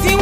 Pues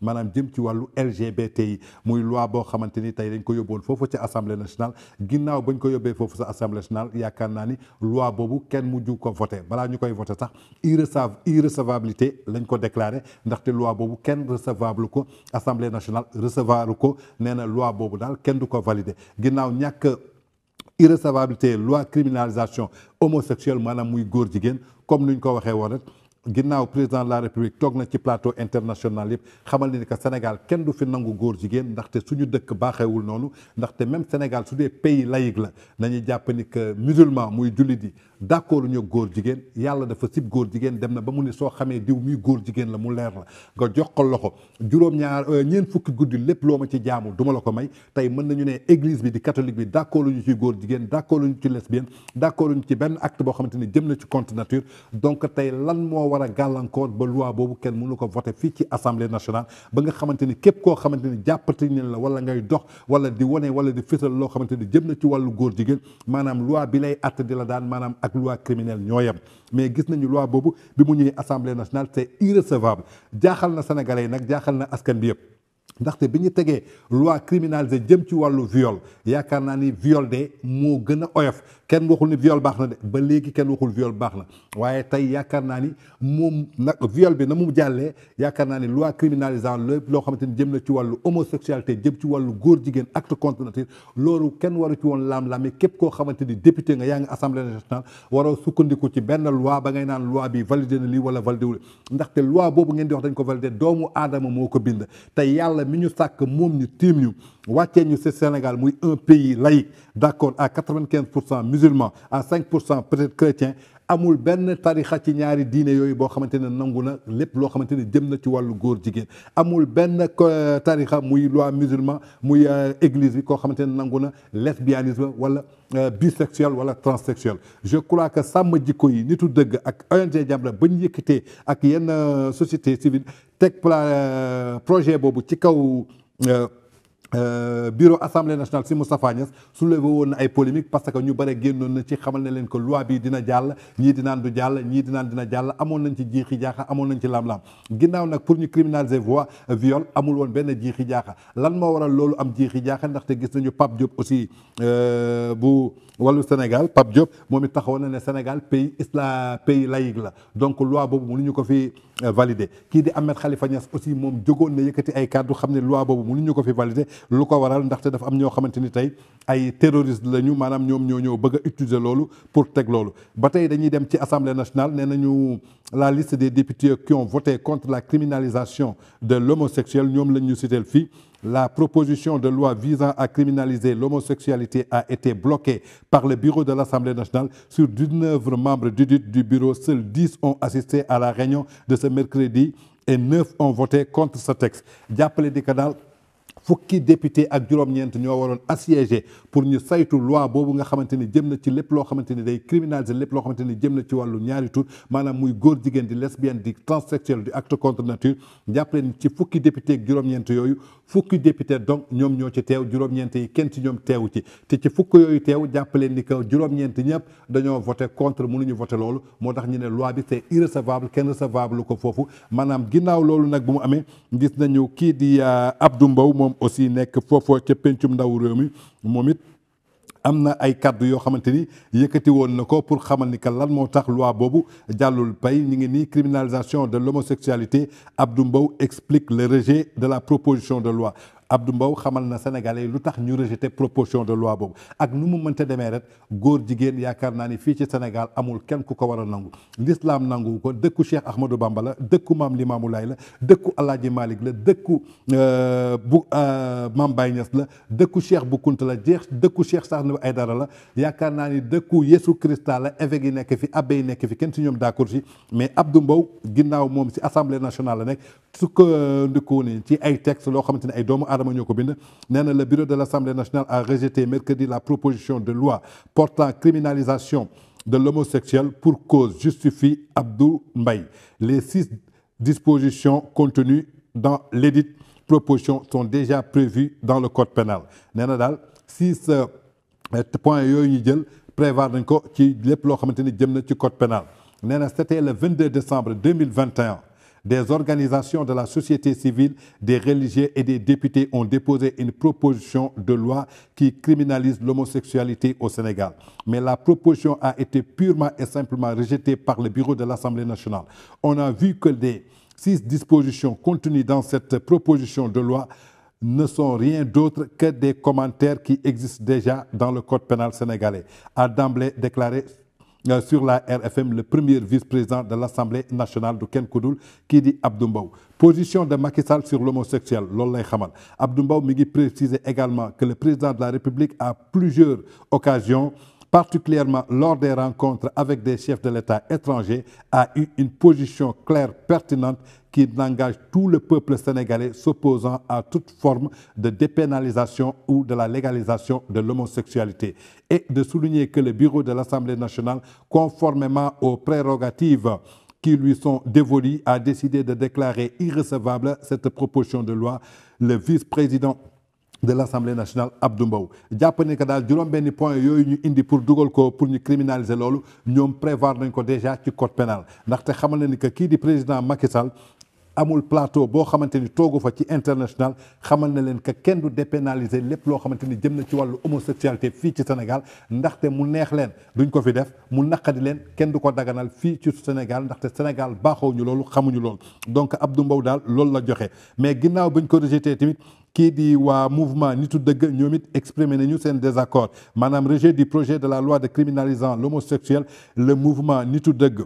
manam jëm ci walu LGBTI muy loi bo xamanteni tay tey dañ ko yóbboon fofu ci assemblée nationale ginnaw bañ ko yobé fofu sa assemblée nationale yaakaar naa ni loi boobu kenn mujj ko voter bala ñukoy voter sax irrecevabilité lañ ko ndax té loi bobu kenn recevable ko assemblée nationale recevoir ko néna loi bobu dal kenn du ko validé ginnaaw irrecevabilité loi criminalisation homosexuelle manam muy gor jigéen comme nuñ ko waxé woon rek ginnaaw président de la république tok na ci plateau international yëpp xamal ni que Sénégal kenn du fi nangu góor jigéen ndaxte suñu dëkk baaxewul noonu ndaxte même Sénégal su des pays laïque la nañu japp ni que musulman muy jullit yi d' ñu gor jigéen Yalla dafa sip gor jigéen dem na ba mu ne so xamé diw muy gor jigéen la mu leer la nga jox ko loxo juróom-ñaar euh, ñeen guddul lepp loma ci jaamu duma la ko may tay mën nañu né église bi di catholique bi d' ñu ci gor ñu ci lesbienne d' ñu ci ben acte bo xamanteni ni jëm na ci contre nature donc tay lan mo war a gàllankoor ba loi boobu kenn mënu ko voté fii ci assemblée nationale ba nga xamante ni képp koo xamante ni jàppati la wala ngay dox wala di wane wala di fétal loo xamante ni jëm na ci wàllu góor jigéen maanaam loi bi lay àtt di la daan maanaam ak loi criminelle ñoo mais gis nañu loi boobu bi mu ñëwee assemblée nationale c'est irrecevable jaaxal na sénégalais yi nag jaaxal na askan bi yëpp ndaxte bi ñu tegee loi criminalisée jëm ci walu viol yaakaar naa ni viol de moo gën a oyof kenn waxul ni viol baax na de ba léegi kenn waxul viol baax na waaye tey yaakaar naa ni moom nag viol bi na mu jàllee yaakaar naa ni loi criminalisant lépp loo xamante ni jëm na ci wàllu homosexualité jëm ci wàllu góor jigéen acte contre nature loolu kenn waru ci woon laam-laame képp koo xamante ni député nga yaa ngi assemblée nationale waroo sukkandiku ci benn loi ba ngay naan loi bi validé na lii wala validé wul ndaxte loi boobu ngeen di wax dañ ko validé doomu aadama moo ko bind tey yàlla yàlla ñu sak mom ñu tim ñu waccé ñu c'est, Sénégal muy un pays laïque d'accord à 95% musulmans, à 5% peut-être chrétien amul ben tarixa ci ñaari diine yooyu boo xamante ne na lépp loo xamante ne jëm na ci wàllu góor jigéen amul benn euh, tarixa muy loi musulman muy euh, église bi koo xamante ne nangu na lesbianisme wala euh, bisexuel wala transsexuel je crois que sàmm jikko yi nitu dëgg ak ONG Jamra bañ ñu yëkkatee ak yenn société civile teg projet boobu ci kaw euh, bureau assemblée nationale si Moustapha Niass soulevé won ay polémique parce que ñu bari génnoon na ci xamal na leen ko loi bi dina jall ñi dina naan du jàll ñii di dina jall amon nañ ci jiixi jaxa amon nañ ci lam-lam ginnaw nak pour ñu criminaliser voix viol amul won ben jiixi jaxa lan mo waral lolu am jaxa jaaxa te gis nañu Pape Diop aussi euh, bu walu Sénégal Pape Diop momi taxaw na ne Sénégal pays islam pays laïque la donc loi boobu ñu ko fi euh, valider ki di Ahmed Khalifa Niass aussi mom jógoon na yëkkati ay cadre xam loi loi boobu ñu ko fi valider luko waral ndaxte dafa am ño xamanteni tay ay terroriste lañu manam ñom ño ñëw bëgg utiliser lolu pour tek lolu ba tay dañuy dem ci assemblée nationale nee la liste des députés qui ont voté contre la criminalisation de l'homosexuel ñom lañu dit que La proposition de loi visant à criminaliser l'homosexualité a été bloquée par le bureau de l'Assemblée nationale. Sur 19 membres du bureau, seuls 10 ont assisté à la réunion de ce mercredi et 9 ont voté contre ce texte. jàppale di ko fukki député ak juróom ñent ñoo waroon assiégé pour ñu saytu loi bobu nga xamanteni ni jëm na ci lepp lo xamanteni day criminaliser lepp lo xamanteni ni jëm na ci walu ñaari tur manam muy goor jigéen di lesbienne di transsexuel di acte contre nature jàppale ni ci fukki député ak juróom ñent yoyu fukki député donc ñom ñoo ci tew juróom ñent yi kenn ci ñom tewu ci te ci fukk yooyu teew jàppaleen ni que juróom ñent ñep dañoo voter contre mënu ñu voter moo motax ñu ne loi bi c'est irrecevable kenn recevable ko fofu manam ginnaw loolu nak bu mu amé gis nañu ki di euh, Abdou mbaw moom aussi n'est que ci pencum ndaw rewmi momit amna ay pour xamal ni que lan tax loi Bobu, pay criminalisation de l'homosexualité Abdou explique le rejet de la proposition de loi Abdou Mbow xamal na sénégalais lutax ñu rejeter proposition de loi bobu ak nu mu mënta démé rek góor jigen yaakar na ni fi ci Sénégal amul kenn ku ko war nangu l'islam nangu ko dëkku Cheikh Ahmadou Bamba la dëkku mam limamou lay la dëkku Alaaji malik la dëkku bu maam Baye Niass la dëkku Cheikh bu Kunta la jeex dëkku Cheikh Sahnu Aydara la yaakar na ni dëkku yesu christa la évêque yi fi abbé nek fi kenn ci ñom d'accord ci mais Abdou Mbow ginnaw mom ci assemblée nationale la nek su ko ndikoo ni ci ay texte lo xamanteni ay doomu le bureau de l'Assemblée nationale a rejeté mercredi la proposition de loi portant criminalisation de l'homosexuel pour cause justifie Abdou Mbaye les six dispositions contenues dans l'édite proposition sont déjà prévues dans le code pénal six euh, points code pénal c'était le 22 décembre 2021 des organisations de la société civile, des religieux et des députés ont déposé une proposition de loi qui criminalise l'homosexualité au Sénégal. Mais la proposition a été purement et simplement rejetée par le bureau de l'Assemblée nationale. On a vu que les six dispositions contenues dans cette proposition de loi ne sont rien d'autre que des commentaires qui existent déjà dans le Code pénal sénégalais, a d'emblée déclaré euh, sur la RFM, le premier vice-président de l'Assemblée nationale de Ken Koudoul, Kidi position de Macky sur l'homosexuel Lollay Khamal. Abdoumbaou Migi précise également que le président de la République a plusieurs occasions particulièrement lors des rencontres avec des chefs de l'État étrangers, a eu une position claire, pertinente, qui engage tout le peuple sénégalais s'opposant à toute forme de dépénalisation ou de la légalisation de l'homosexualité, et de souligner que le bureau de l'Assemblée nationale, conformément aux prérogatives qui lui sont dévolues, a décidé de déclarer irrecevable cette proposition de loi. Le vice-président de l'Assemblée nationale Abdou Mbow jàpp ne que daal juróom-benni point yoy ñu indi pour dougal ko pour ñu criminaliser lolu ñom prévoir nañ ko déjà ci code pénal ndaxte xamal na ni que kii di président Macky Sall amul plateau bo xamanteni togu fa ci international xamal na leen que kenn du dépénaliser lepp lo xamanteni jëm na ci walu homosexualité fi ci Sénégal té mu neex leen duñ ko fi def mu naqadi leen kenn du ko daganal fi ci Sénégal té Sénégal baaxoo ñu xamu ñu lolu donc Abdou Mbow dal lolu la joxé mais ginnaw buñ ko rejeté tamit dit que le mouvement nitu dëgg ñoom it exprimé nañu seen désaccord Madame rejet du projet de la loi de criminalisant l'homosexuel le mouvement nitu dëgg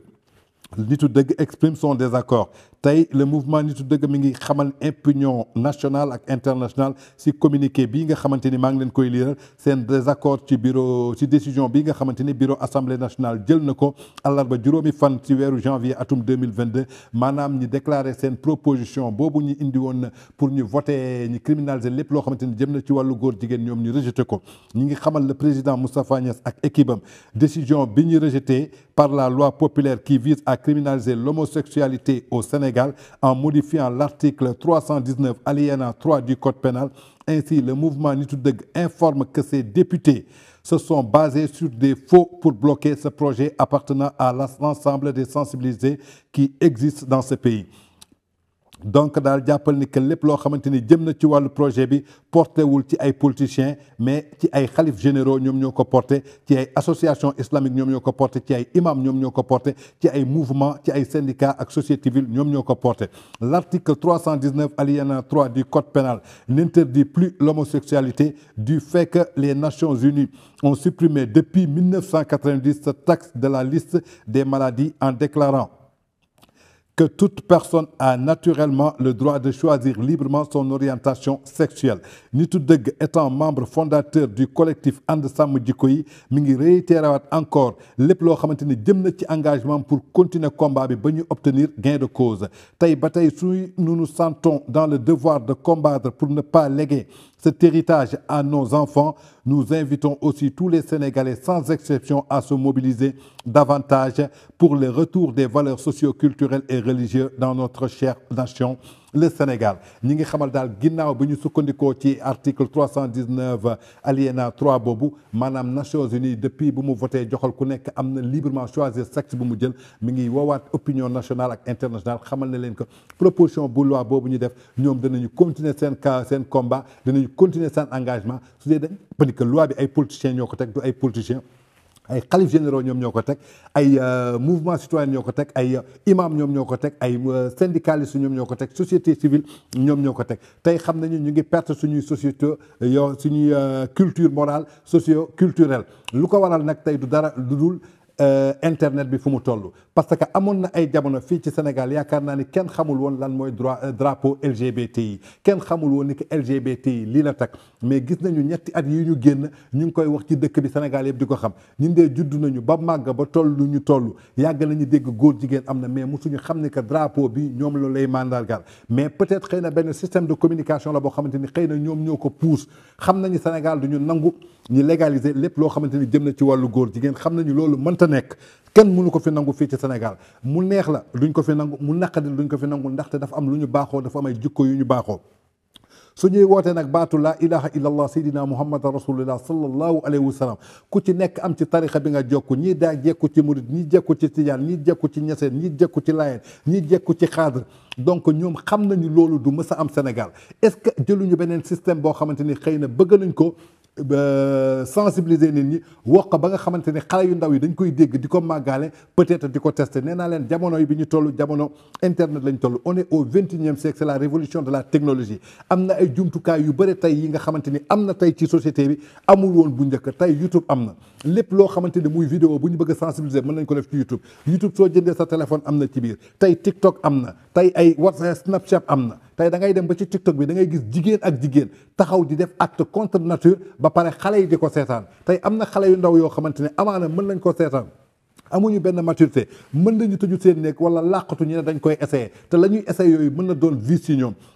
exprime son désaccord tay le mouvement nitu deug mi ngi xamal impunion nationale ak internationale ci communiqué bi nga xamanteni ma ngi leen koy liiral seen désaccord ci bureau ci décision bi nga xamanteni bureau assemblée nationale jël nako alarba juromi fan ci weeru janvier atum 2022 manam ñi déclarer sen proposition bobu ñi indi won pour ñu voter ñi criminaliser lepp lo xamanteni jëm na ci walu goor jigéen ñom ñu rejeter ko ñi ngi xamal le président Moustapha Niass ak équipe am décision bi ñu rejeter par la loi populaire qui vise à criminaliser l'homosexualité au Sénégal en modifiant l'article 319 alinéa 3 du Code pénal. Ainsi, le mouvement Nitoudeg informe que ses députés se sont basés sur des faux pour bloquer ce projet appartenant à l'ensemble des sensibilisés qui existent dans ce pays donc dans le ni que lépp jëm na ci walu projet bi porté wul ci ay politiciens mais ci ay généraux ñom ñoko islamiques, porté ci ay association islamique ñom ñoko ci ay imam ñom ci ay syndicats ak société civile ñom ñoko porté 319 alinéa 3 du code pénal n'interdit plus l'homosexualité du fait que les Nations Unies ont supprimé depuis 1990 cette taxe de la liste des maladies en déclarant que toute personne a naturellement le droit de choisir librement son orientation sexuelle nitu dëgg étant membre fondateur du collectif Andesam sàmm nous réitérons encore les loo xamante engagement pour continuer combat et obtenir gain de cause nous nous sentons dans le devoir de combattre pour ne pas léguer cet héritage à nos enfants nous invitons aussi tous les Sénégalais sans exception à se mobiliser davantage pour le retour des valeurs socioculturelles et dans notre chère nation le Sénégal ñi ngi xamal daal ginnaaw bi ñu dit ci article 319 alinéa 3 Bobu. Madame Nations Unies depuis bu mu voté joxal ku nekk am librement choisir sexe bu mu jël mi ngi opinion nationale et internationale xamal na leen que proposition bu loi nous ñu def ñoom continuer un combat, combat danañu continuer un engagement cest de dañ parce loi bi ay politiciens ñoo ko du politiciens ay xalif généraux ñom ñoko tek ay euh, mouvement citoyen ñoko tek ay euh, imam ñom ñoko tek ay euh, syndicalistes ñom ñoko tek société civile ñom ñoko tek tay tey xam nañu ñu ngi perte suñu société yo suñu culture morale socio culturelle lu ko waral nak tay du dara du Euh, internet bi fu mu toll parce que amoon na ay jamono fii ci Sénégal yaakaar naa ni kenn xamul woon lan mooy droit euh, drapeau LGBTI kenn xamul woon ni que yi lii la takk mais gis nañu ñetti at yi ñu génn ñu ngi koy wax ci dëkk bi Sénégal yëpp di ko xam ñun dee judd nañu ba màgg ba toll lu ñu toll yàgg nañu dégg góor jigéen am na mais mosuñu xam ni que drapeau bi ñoom loolu lay mandargal mais peut-être xëy na benn système de communication la boo xamante ni xëy na ñoom ñoo ko pousse xam nañu Sénégal du ñu nangu. ñi légaliser lépp loo xamante ni jëm na ci wàllu góor jigéen xam nañu loolu mënta nekk kenn mënu ko fi nangu fii ci Sénégal mu neex la duñ ko fi nangu mu naqadi duñ ko fi nangu ndaxte dafa am lu ñu baaxoo dafa am ay jikko yu ñu baaxoo su ñuy wootee nag baatu laa ilaha illallah sayidina muhammad rasulillah sallallahu alayhi wa sallam ku ci nekk am ci tarixa bi nga jokku ñii daa jekku ci murid ñii jekku ci tijaan ñii jekku ci ñeseen ñii jekku ci laayeen ñii jekku ci xaadir donc ñoom xam nañu loolu du mësa am Sénégal est-ce que jëluñu beneen système boo xamante ni xëy na bëgg nañ ko sensibiliser nit ñi wax ko ba nga xamante ne xale yu ndaw yi dañ koy dégg di ko màggaale peut-être di ko tester nee naa leen jamono yi bi ñu toll jamono internet lañ toll on est au vingt et unième siècle c'est la révolution de la technologie am na ay jumtukaay yu bëri tey yi nga xamante ni am na tey ci société bi amul woon bu njëkk tey YouTube am na lépp loo xamante ni muy vidéo bu ñu bëgg a mën nañ ko def ci YouTube YouTube soo jëndee sa téléphone am na ci biir tey TikTok am na tey ay WhatsApp Snapchat am na tey da ngay dem ba ci TikTok bi da gis jigéen ak jigéen taxaw di def at contre nature ba pare xale yi di ko seetaan tey am na xale yu ndaw yoo xamante ne amaana mën nañ ko seetaan amuñu benn maturité mën nañu tëju seen néeg wala làqatu ñu ne dañ koy essayé te la ñuy essayé yooyu mën na doon vice ci ñoom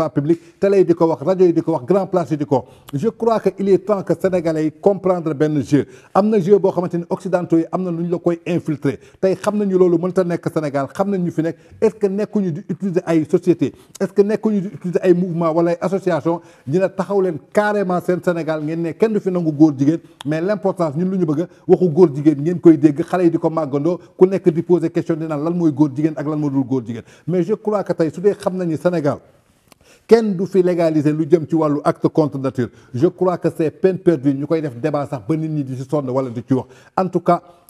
débat public télé yi di ko wax rajo yi wax grand place yi di je crois que il est temps que sénégalais comprendre ben jeu am na jeu boo xamante occidentaux yi am le lu ñu la koy infiltrer tey le nañu que mënta Sénégal amener nañ ñu fi est-ce que nekkuñu di utiliser ay société est-ce que nekkuñu di utiliser ay mouvement wala association ñu ne taxaw leen carrément seen Sénégal ngeen ne kenn du fi nangu góor mais l'importance ñun lu ñu bëgg waxu góor jigéen ngeen koy dégg xale yi di ko màggandoo ku nekk di poser question di naan lan mooy góor jigéen ak lan moo mais je crois que tey su dee xam Sénégal quand du fait légaliser lu jëm ci walu acte contre nature je crois que c'est peine perdue Ñukoy def débat sax ba nit ñi di ci sonn wala di en tout cas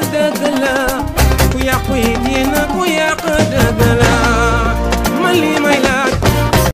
قددلا ويا قويدين ويا قددلا